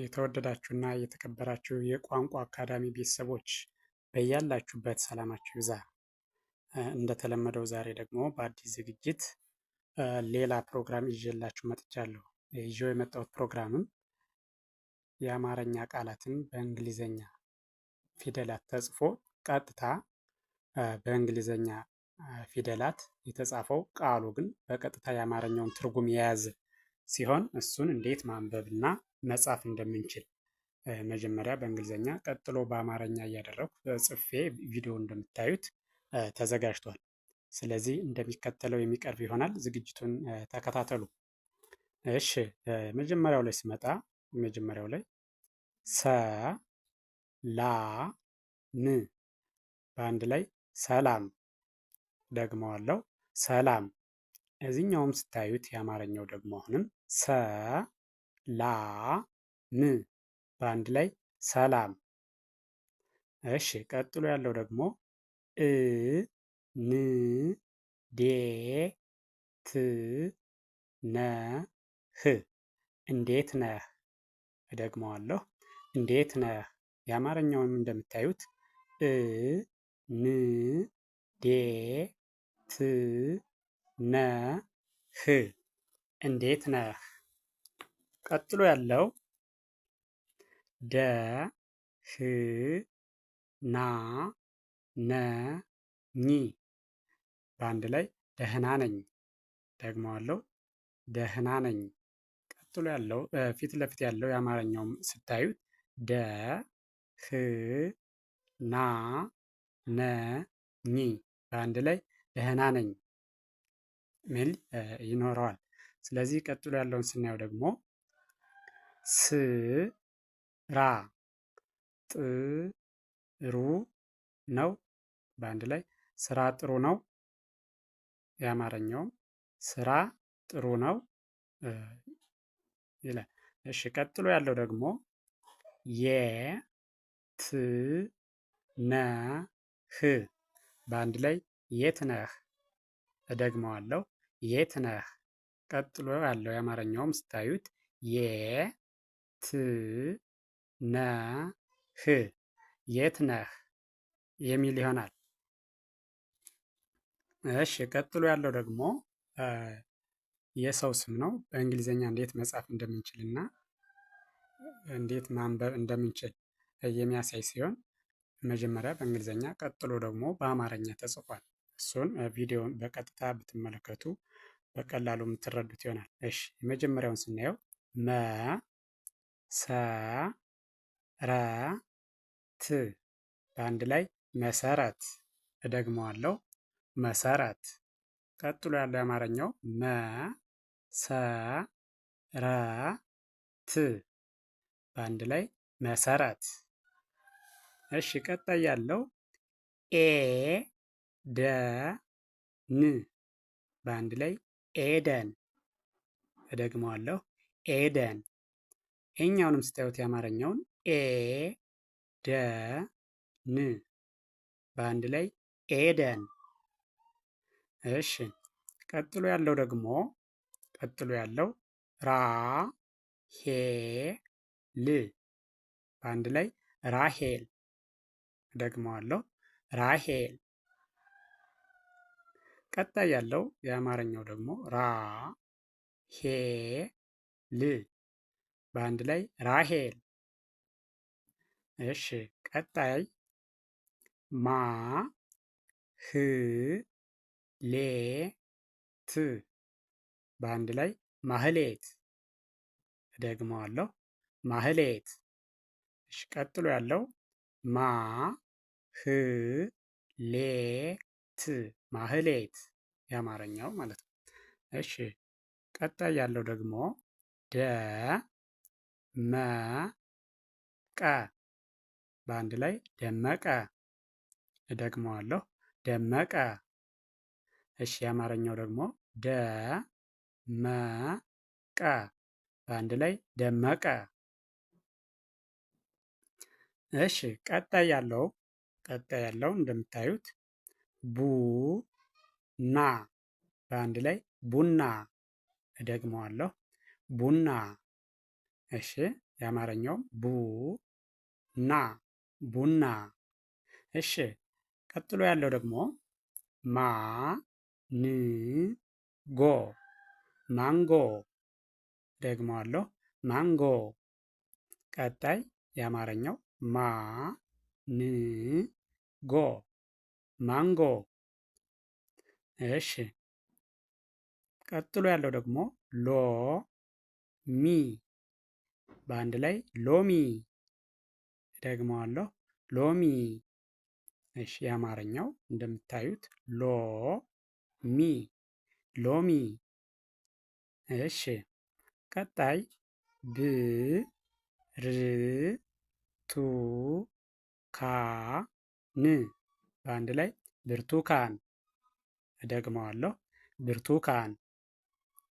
የተወደዳችሁና የተከበራችሁ የቋንቋ አካዳሚ ቤተሰቦች በያላችሁበት ሰላማችሁ ይብዛ። እንደተለመደው ዛሬ ደግሞ በአዲስ ዝግጅት ሌላ ፕሮግራም ይዤላችሁ መጥቻለሁ። ይዤው የመጣሁት ፕሮግራምም የአማርኛ ቃላትን በእንግሊዘኛ ፊደላት ተጽፎ ቀጥታ በእንግሊዘኛ ፊደላት የተጻፈው ቃሉ ግን በቀጥታ የአማርኛውን ትርጉም የያዘ ሲሆን እሱን እንዴት ማንበብና መጻፍ እንደምንችል መጀመሪያ በእንግሊዝኛ ቀጥሎ በአማርኛ እያደረኩ ጽፌ ቪዲዮ እንደምታዩት ተዘጋጅቷል። ስለዚህ እንደሚከተለው የሚቀርብ ይሆናል። ዝግጅቱን ተከታተሉ። እሺ፣ መጀመሪያው ላይ ስመጣ መጀመሪያው ላይ ሰ ላ ም በአንድ ላይ ሰላም። ደግመዋለው፣ ሰላም እዚኛውም ስታዩት የአማርኛው ደግሞ አሁንም ሰ ላ ም በአንድ ላይ ሰላም። እሺ ቀጥሎ ያለው ደግሞ እ ን ዴ ት ነ ህ እንዴት ነህ። እደግመዋለሁ እንዴት ነህ። የአማርኛውንም እንደምታዩት እ ን ዴ ት ነህ እንዴት ነህ። ቀጥሎ ያለው ደ ህ ና በአንድ ላይ ደህና ነኝ። ደግሞ ደህና ነኝ። ቀጥሎ ያለው ፊት ለፊት ያለው የአማርኛውም ስታዩት ደ ና በአንድ ላይ ደህና ነኝ ሚል ይኖረዋል። ስለዚህ ቀጥሎ ያለውን ስናየው ደግሞ ስራ ጥሩ ነው። በአንድ ላይ ስራ ጥሩ ነው። የአማርኛውም ስራ ጥሩ ነው ይላል። እሺ፣ ቀጥሎ ያለው ደግሞ የት ነህ። በአንድ ላይ የት ነህ። እደግመዋለሁ የት ነህ። ቀጥሎ ያለው የአማርኛውም ስታዩት የት ነህ የት ነህ የሚል ይሆናል። እሺ ቀጥሎ ያለው ደግሞ የሰው ስም ነው። በእንግሊዝኛ እንዴት መጻፍ እንደምንችል እና እንዴት ማንበብ እንደምንችል የሚያሳይ ሲሆን መጀመሪያ በእንግሊዝኛ ቀጥሎ ደግሞ በአማርኛ ተጽፏል። እሱን ቪዲዮን በቀጥታ ብትመለከቱ በቀላሉ የምትረዱት ይሆናል። እሺ የመጀመሪያውን ስናየው መ ሰ ረ ት በአንድ ላይ መሰረት። እደግመዋለሁ መሰረት። ቀጥሎ ያለው የአማርኛው መ ሰ ረ ት በአንድ ላይ መሰረት። እሺ ቀጣይ ያለው ኤ ደ ን በአንድ ላይ ኤደን እደግመዋለሁ ኤደን እኛውንም ስታዩት የአማርኛውን ኤ ደ ን በአንድ ላይ ኤደን። እሺ ቀጥሎ ያለው ደግሞ ቀጥሎ ያለው ራ ሄ ል በአንድ ላይ ራሄል። እደግመዋለሁ ራሄል። ቀጣይ ያለው የአማርኛው ደግሞ ራ ሄ ል በአንድ ላይ ራሄል። እሺ ቀጣይ ማ ህ ሌ ት በአንድ ላይ ማህሌት። እደግመዋለሁ ማህሌት። እሺ ቀጥሎ ያለው ማ ህ ሌ ት ማህሌት የአማርኛው ማለት ነው። እሺ ቀጣይ ያለው ደግሞ ደ መ ቀ በአንድ ላይ ደመቀ። እደግመዋለሁ ደመቀ። እሺ የአማርኛው ደግሞ ደ መ ቀ በአንድ ላይ ደመቀ። እሺ ቀጣይ ያለው ቀጣይ ያለው እንደምታዩት ቡ ና በአንድ ላይ ቡና። እደግመዋለሁ ቡና። እሺ የአማርኛው ቡ ና ቡና። እሺ ቀጥሎ ያለው ደግሞ ማ ን ጎ ማንጎ። እደግመዋለሁ ማንጎ። ቀጣይ የአማርኛው ማ ን ጎ ማንጎ። እሺ ቀጥሎ ያለው ደግሞ ሎ ሚ በአንድ ላይ ሎሚ። ደግመዋለሁ ሎሚ። እሺ የአማርኛው እንደምታዩት ሎ ሚ ሎሚ። እሺ ቀጣይ ብ ር ቱ ካ ን በአንድ ላይ ብርቱካን። እደግመዋለሁ ብርቱካን።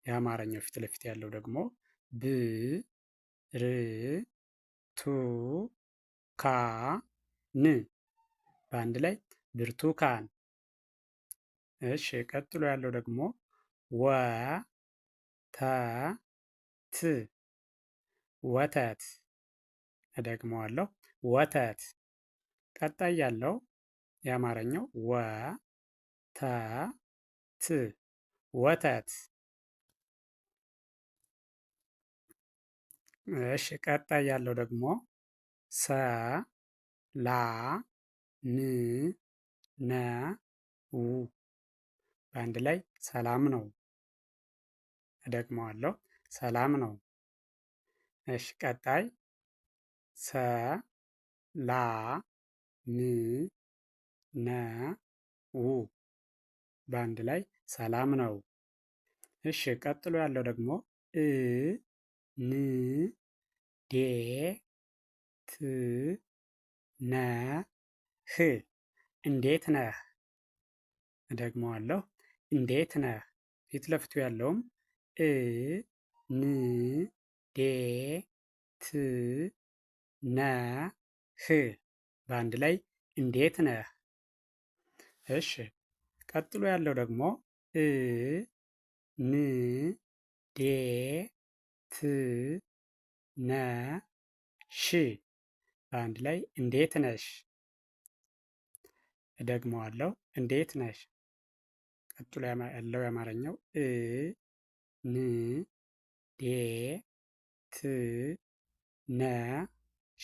የአማርኛው ፊት ለፊት ያለው ደግሞ ብ ር ቱ ካ ን በአንድ ላይ ብርቱካን። እሺ፣ ቀጥሎ ያለው ደግሞ ወ ተ ት ወተት። እደግመዋለሁ ወተት። ቀጣይ ያለው የአማርኛው ወ ተ ት ወተት። እሺ ቀጣይ ያለው ደግሞ ሰ ላ ን ነ ው በአንድ ላይ ሰላም ነው። እደግመዋለሁ ሰላም ነው። እሺ ቀጣይ ሰ ላ ን ነው። በአንድ ላይ ሰላም ነው። እሺ ቀጥሎ ያለው ደግሞ እ ን ዴ ት ነ ህ እንዴት ነህ። ደግሞ አለው እንዴት ነህ። ፊት ለፊቱ ያለውም እ ን ዴ ት ነ ህ በአንድ ላይ እንዴት ነህ እሺ ቀጥሎ ያለው ደግሞ እ ን ዴ ት ነ ሽ በአንድ ላይ እንዴት ነሽ። እደግመዋለሁ እንዴት ነሽ። ቀጥሎ ያለው የአማርኛው እ ን ዴ ት ነ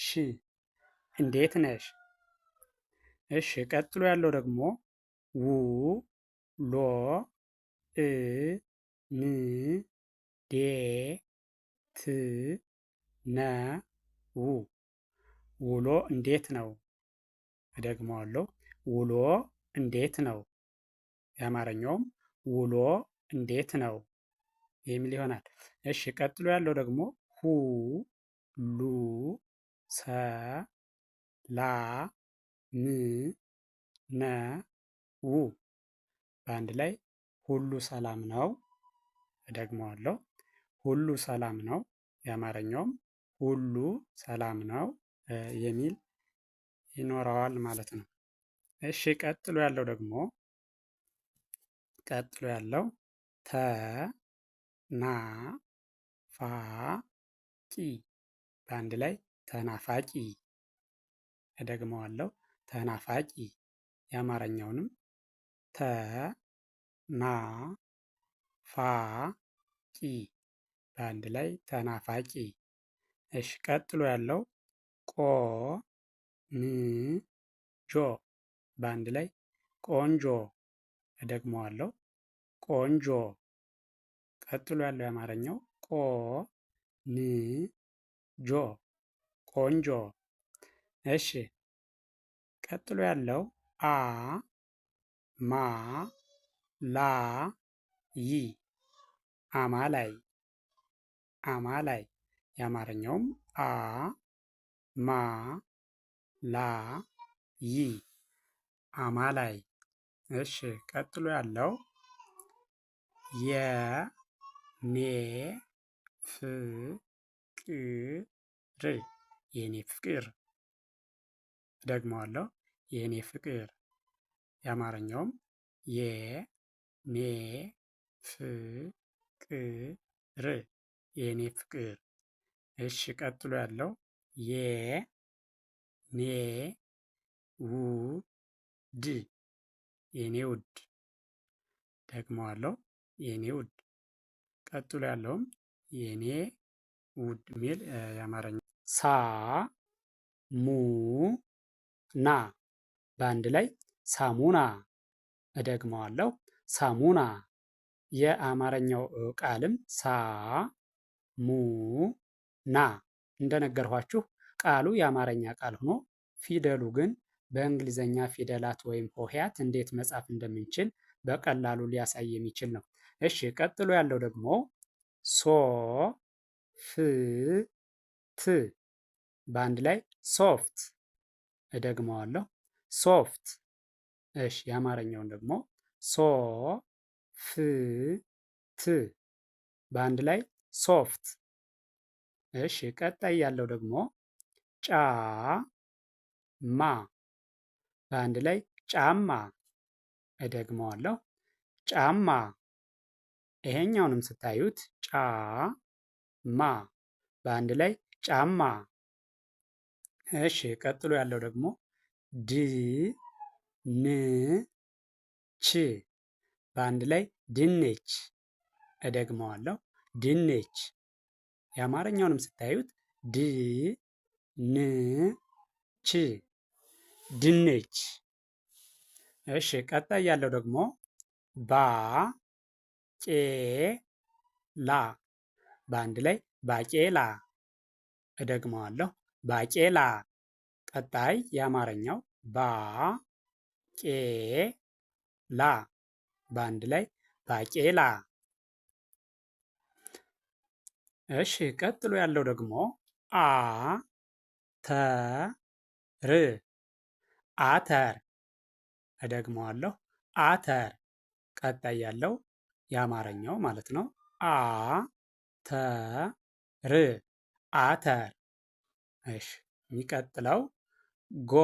ሽ እንዴት ነሽ። እሺ ቀጥሎ ያለው ደግሞ ው ሎ እ ን ዴ ት ነ ው ውሎ እንዴት ነው? እደግመዋለሁ። ውሎ እንዴት ነው? የአማርኛውም ውሎ እንዴት ነው የሚል ይሆናል። እሺ ቀጥሎ ያለው ደግሞ ሁ ሉ ሰ ላ ን ነ ው በአንድ ላይ ሁሉ ሰላም ነው። እደግመዋለሁ። ሁሉ ሰላም ነው። የአማርኛውም ሁሉ ሰላም ነው የሚል ይኖረዋል ማለት ነው። እሺ ቀጥሎ ያለው ደግሞ ቀጥሎ ያለው ተ ና ፋ ቂ በአንድ ላይ ተናፋቂ። እደግመዋለሁ። ተናፋቂ የአማርኛውንም ተ ና ፋ ቂ በአንድ ላይ ተናፋቂ። እሽ ቀጥሎ ያለው ቆ ን ጆ በአንድ ላይ ቆንጆ። እደግመዋለሁ ቆንጆ። ቀጥሎ ያለው የአማርኛው ቆ ን ጆ ቆንጆ። እሺ ቀጥሎ ያለው አ ማ ላ ይ አማ ላይ አማ ላይ የአማርኛውም አ ማ ላ ይ አማ ላይ። እሺ ቀጥሎ ያለው የ ኔ ፍቅር የኔ ፍቅር አለው የኔ ፍቅር የአማርኛውም የ ሜ ፍ ቅር የኔ ፍቅር። እሺ ቀጥሎ ያለው የ ሜ ው ድ የኔ ውድ። ደግመዋለው የኔ ውድ። ቀጥሎ ያለውም የኔ ውድ ሚል የአማርኛ ሳ ሙ ና በአንድ ላይ ሳሙና እደግመዋለሁ ሳሙና። የአማርኛው ቃልም ሳ ሙ ና እንደነገርኋችሁ ቃሉ የአማርኛ ቃል ሆኖ ፊደሉ ግን በእንግሊዘኛ ፊደላት ወይም ሆሄያት እንዴት መጻፍ እንደምንችል በቀላሉ ሊያሳይ የሚችል ነው። እሺ ቀጥሎ ያለው ደግሞ ሶ ፍ ት በአንድ ላይ ሶፍት እደግመዋለሁ ሶፍት እሺ የአማርኛውን ደግሞ ሶ ፍ ት በአንድ ላይ ሶፍት። እሺ ቀጣይ ያለው ደግሞ ጫ ማ በአንድ ላይ ጫማ። እደግመዋለሁ ጫማ። ይሄኛውንም ስታዩት ጫ ማ በአንድ ላይ ጫማ። እሺ ቀጥሎ ያለው ደግሞ ድ ን ች በአንድ ላይ ድንች። እደግመዋለሁ ድንች። የአማርኛውንም ስታዩት ድ ን ች ድንች። እሺ ቀጣይ ያለው ደግሞ ባ ቄ ላ በአንድ ላይ ባቄላ። እደግመዋለሁ ባቄላ። ቀጣይ የአማርኛው ባ ቄላ በአንድ ላይ ባቄላ። እሺ ቀጥሎ ያለው ደግሞ አ ተ ር አተር። እደግመዋለሁ አተር። ቀጣይ ያለው የአማርኛው ማለት ነው። አ ተ ር አተር። እሺ የሚቀጥለው ጎ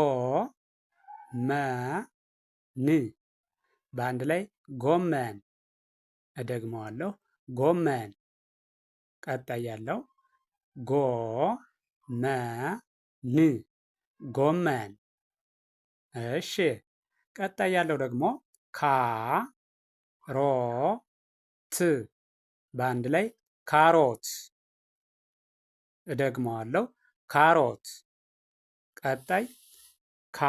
መ ን በአንድ ላይ ጎመን። እደግመዋለሁ ጎመን። ቀጣይ ያለው ጎ መ ን ጎመን። እሺ ቀጣይ ያለው ደግሞ ካ ሮ ት በአንድ ላይ ካሮት። እደግመዋለሁ ካሮት። ቀጣይ ካ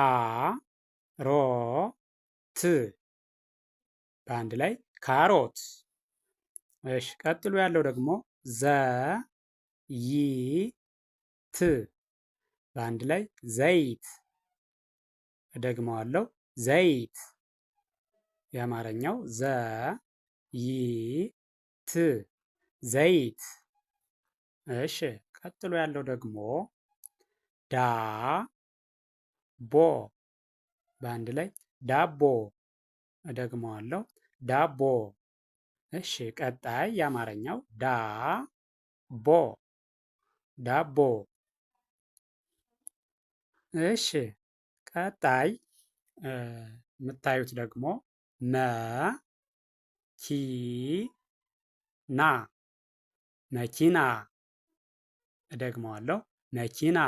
ሮ ት በአንድ ላይ ካሮት። እሺ ቀጥሎ ያለው ደግሞ ዘ ይ ት በአንድ ላይ ዘይት። ደግመዋለው ዘይት። የአማርኛው ዘ ይ ት ዘይት። እሺ ቀጥሎ ያለው ደግሞ ዳ ቦ በአንድ ላይ ዳቦ እደግመዋለሁ ዳቦ። እሺ ቀጣይ የአማርኛው ዳ ቦ ዳቦ። እሺ ቀጣይ የምታዩት ደግሞ መ ኪ ና መኪና እደግመዋለሁ መኪና።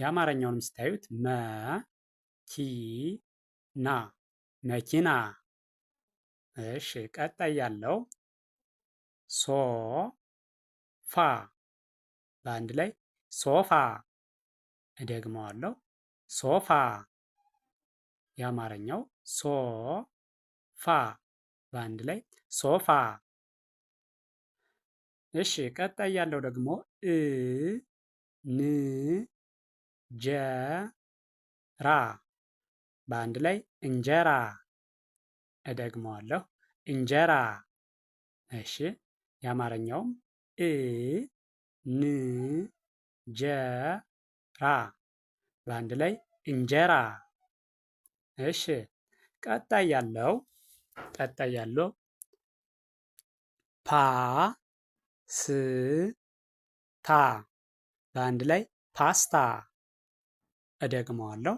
የአማርኛውንም ስታዩት መ ኪ ና መኪና። እሺ ቀጣይ ያለው ሶ ፋ በአንድ ላይ ሶፋ። እደግመዋለሁ ሶፋ። የአማርኛው ሶ ፋ በአንድ ላይ ሶፋ። እሺ ቀጣይ ያለው ደግሞ እ ን ጀ ራ በአንድ ላይ እንጀራ። እደግመዋለሁ እንጀራ። እሺ የአማርኛውም እ ን ጀ ራ በአንድ ላይ እንጀራ። እሺ ቀጣይ ያለው ቀጣይ ያለው ፓ ስ ታ በአንድ ላይ ፓስታ። እደግመዋለሁ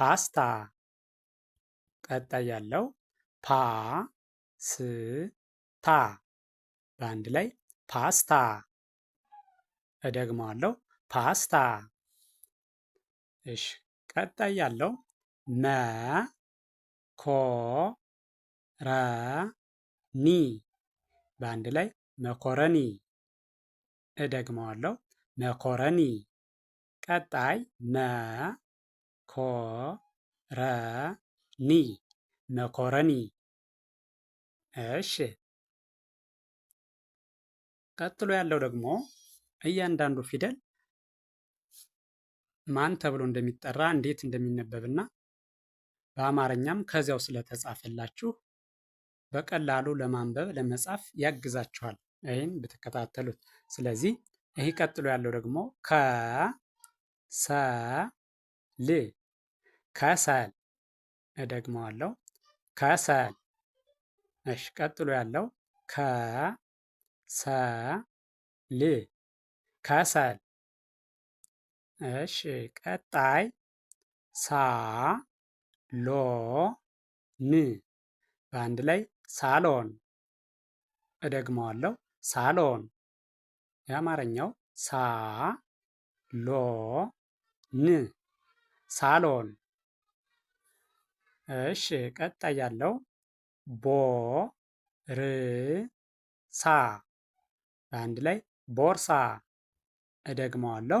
ፓስታ። ቀጣይ ያለው ፓ ስ ታ በአንድ ላይ ፓስታ። እደግመዋለሁ ፓስታ። እሺ፣ ቀጣይ ያለው መ ኮ ረ ኒ በአንድ ላይ መኮረኒ። እደግመዋለሁ መኮረኒ። ቀጣይ መ ኮ ረ ኒ መኮረኒ። እሺ ቀጥሎ ያለው ደግሞ እያንዳንዱ ፊደል ማን ተብሎ እንደሚጠራ እንዴት እንደሚነበብና በአማርኛም ከዚያው ስለተጻፈላችሁ በቀላሉ ለማንበብ ለመጻፍ ያግዛችኋል። ይህን ብትከታተሉት። ስለዚህ ይህ ቀጥሎ ያለው ደግሞ ከሰል ከሰል እደግመዋለሁ። ከሰል። እሺ፣ ቀጥሎ ያለው ከሰል ከሰል። እሺ፣ ቀጣይ ሳ ሎ ን በአንድ ላይ ሳሎን። እደግመዋለሁ፣ ሳሎን። የአማርኛው ሳ ሎ ን ሳሎን። እሺ ቀጣይ ያለው ቦ ር ሳ በአንድ ላይ ቦርሳ። እደግመዋለሁ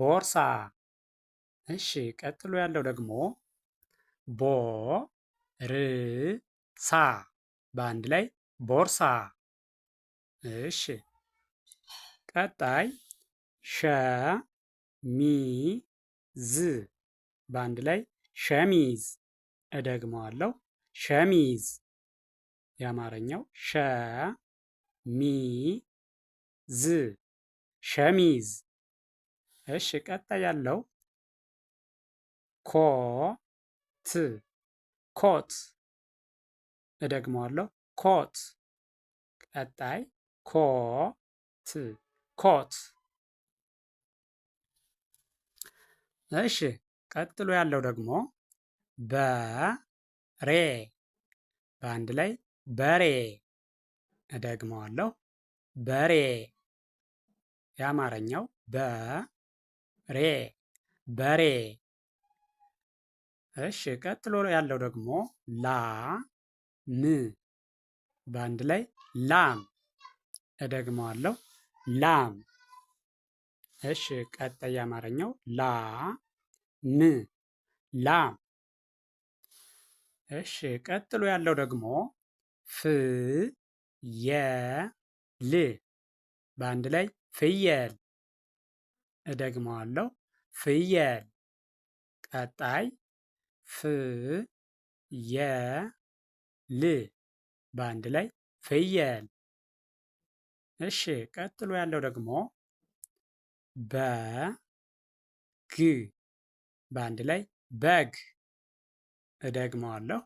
ቦርሳ። እሺ ቀጥሎ ያለው ደግሞ ቦ ር ሳ በአንድ ላይ ቦርሳ። እሺ ቀጣይ ሸ ሚ ዝ በአንድ ላይ ሸሚዝ እደግመዋለሁ። ሸሚዝ የአማርኛው ሸ ሚ ዝ ሸሚዝ። እሺ፣ ቀጣይ ያለው ኮት ኮት እደግመዋለሁ። ኮት ቀጣይ ኮት ኮት። እሺ፣ ቀጥሎ ያለው ደግሞ በሬ በአንድ ላይ በሬ። እደግመዋለሁ በሬ። የአማርኛው በሬ በሬ። እሺ፣ ቀጥሎ ያለው ደግሞ ላ ም በአንድ ላይ ላም። እደግመዋለሁ ላም። እሺ፣ ቀጣይ የአማርኛው ላ ም ላም እሺ ቀጥሎ ያለው ደግሞ ፍ የ ል በአንድ ላይ ፍየል። እደግመዋለሁ ፍየል። ቀጣይ ፍ የ ል በአንድ ላይ ፍየል። እሺ ቀጥሎ ያለው ደግሞ በግ በአንድ ላይ በግ እደግመዋለሁ።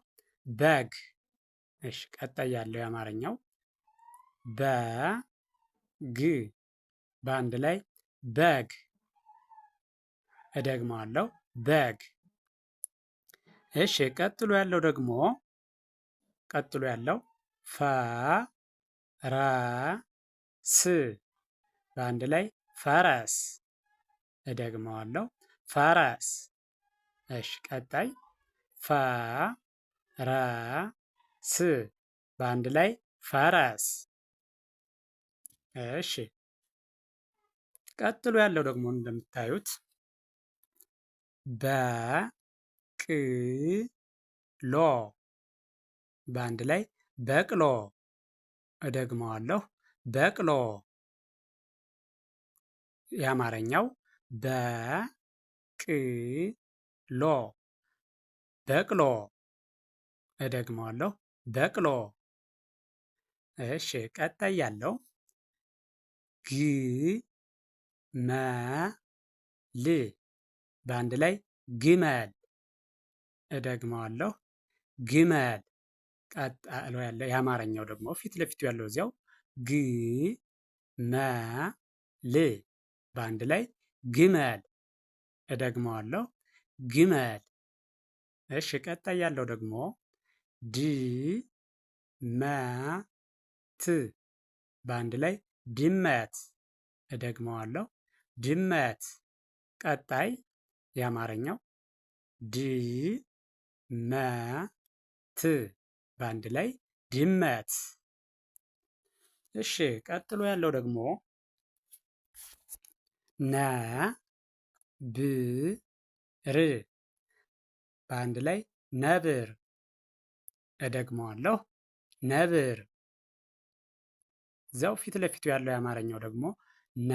በግ። እሺ፣ ቀጣይ ያለው የአማርኛው በግ፣ በአንድ ላይ በግ። እደግመዋለሁ፣ በግ። እሺ፣ ቀጥሎ ያለው ደግሞ ቀጥሎ ያለው ፈረስ፣ በአንድ ላይ ፈረስ። እደግመዋለሁ፣ ፈረስ። እሺ፣ ቀጣይ ፈረስ በአንድ ላይ ፈረስ። እሺ ቀጥሎ ያለው ደግሞ እንደምታዩት በቅሎ በአንድ ላይ በቅሎ። እደግመዋለሁ በቅሎ። የአማርኛው በቅሎ በቅሎ እደግመዋለሁ በቅሎ። እሺ ቀጣይ ያለው ግ መ ል በአንድ ላይ ግመል። እደግመዋለሁ ግመል። ቀጣሎ ያለ የአማርኛው ደግሞ ፊት ለፊቱ ያለው እዚያው ግ መ ል በአንድ ላይ ግመል። እደግመዋለሁ ግመል። እሺ ቀጣይ ያለው ደግሞ ድ መ ት በአንድ ላይ ድመት። እደግመዋለሁ ድመት። ቀጣይ የአማርኛው ድ መ ት በአንድ ላይ ድመት። እሺ ቀጥሎ ያለው ደግሞ ነ ብ ር በአንድ ላይ ነብር። እደግመዋለሁ ነብር። እዚያው ፊት ለፊቱ ያለው የአማርኛው ደግሞ ነ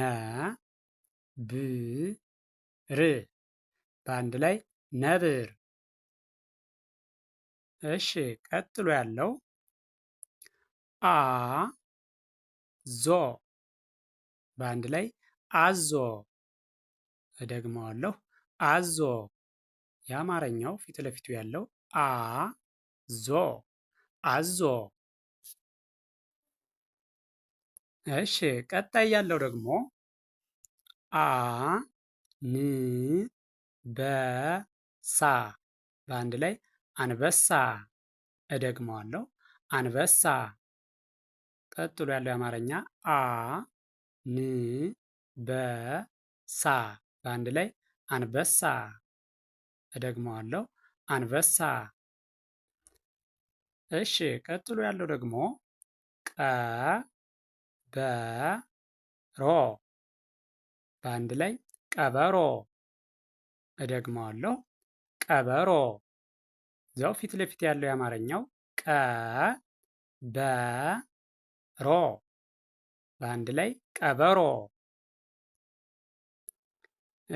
ብ ር በአንድ ላይ ነብር። እሺ ቀጥሎ ያለው አ ዞ በአንድ ላይ አዞ። እደግመዋለሁ አዞ። የአማርኛው ፊት ለፊቱ ያለው አ ዞ አዞ። እሺ ቀጣይ ያለው ደግሞ አ ን በ ሳ በአንድ ላይ አንበሳ። እደግመዋለሁ አንበሳ። ቀጥሎ ያለው የአማርኛ አ ን በ ሳ በአንድ ላይ አንበሳ። እደግመዋለሁ አንበሳ። እሺ ቀጥሎ ያለው ደግሞ ቀ በ ሮ በአንድ ላይ ቀበሮ። እደግመዋለሁ ቀበሮ። እዚያው ፊት ለፊት ያለው የአማርኛው ቀ በ ሮ በአንድ ላይ ቀበሮ።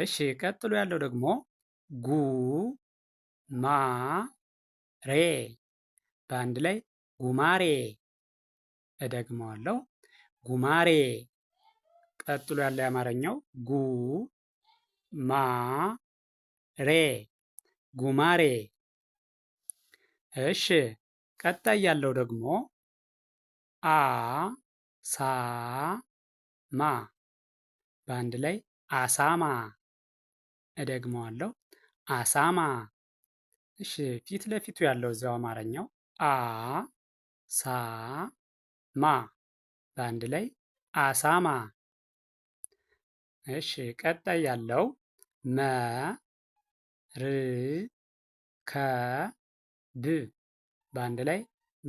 እሺ ቀጥሎ ያለው ደግሞ ጉ ማ ሬ በአንድ ላይ ጉማሬ። እደግመዋለሁ ጉማሬ። ቀጥሎ ያለው የአማርኛው ጉ ማ ሬ ጉማሬ። እሺ፣ ቀጣይ ያለው ደግሞ አ ሳ ማ በአንድ ላይ አሳማ። እደግመዋለሁ አሳማ። እሺ ፊት ለፊቱ ያለው እዚያው አማርኛው አ ሳ ማ በአንድ ላይ አሳማ። እሺ ቀጣይ ያለው መ ር ከ ብ በአንድ ላይ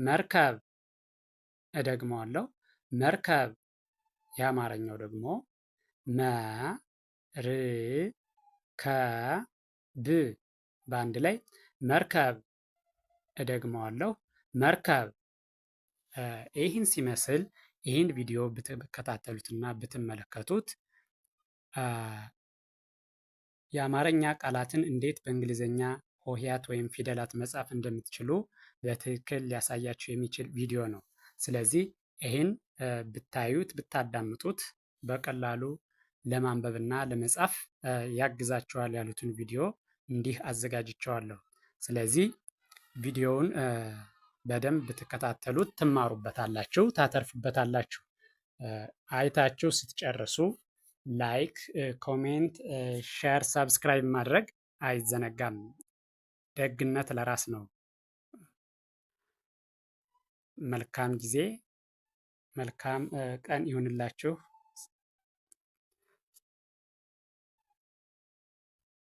መርከብ። እደግመዋለሁ መርከብ። የአማርኛው ደግሞ መ ር ከ ብ በአንድ ላይ መርከብ። እደግመዋለሁ መርከብ። ይህን ሲመስል ይህን ቪዲዮ ብትከታተሉትና ብትመለከቱት የአማርኛ ቃላትን እንዴት በእንግሊዝኛ ሆሄያት ወይም ፊደላት መጻፍ እንደምትችሉ በትክክል ሊያሳያችሁ የሚችል ቪዲዮ ነው። ስለዚህ ይህን ብታዩት ብታዳምጡት በቀላሉ ለማንበብና ለመጻፍ ያግዛችኋል ያሉትን ቪዲዮ እንዲህ አዘጋጅቸዋለሁ። ስለዚህ ቪዲዮውን በደንብ ብትከታተሉት ትማሩበታላችሁ፣ ታተርፉበታላችሁ። አይታችሁ ስትጨርሱ ላይክ፣ ኮሜንት፣ ሼር፣ ሰብስክራይብ ማድረግ አይዘነጋም። ደግነት ለራስ ነው። መልካም ጊዜ፣ መልካም ቀን ይሁንላችሁ።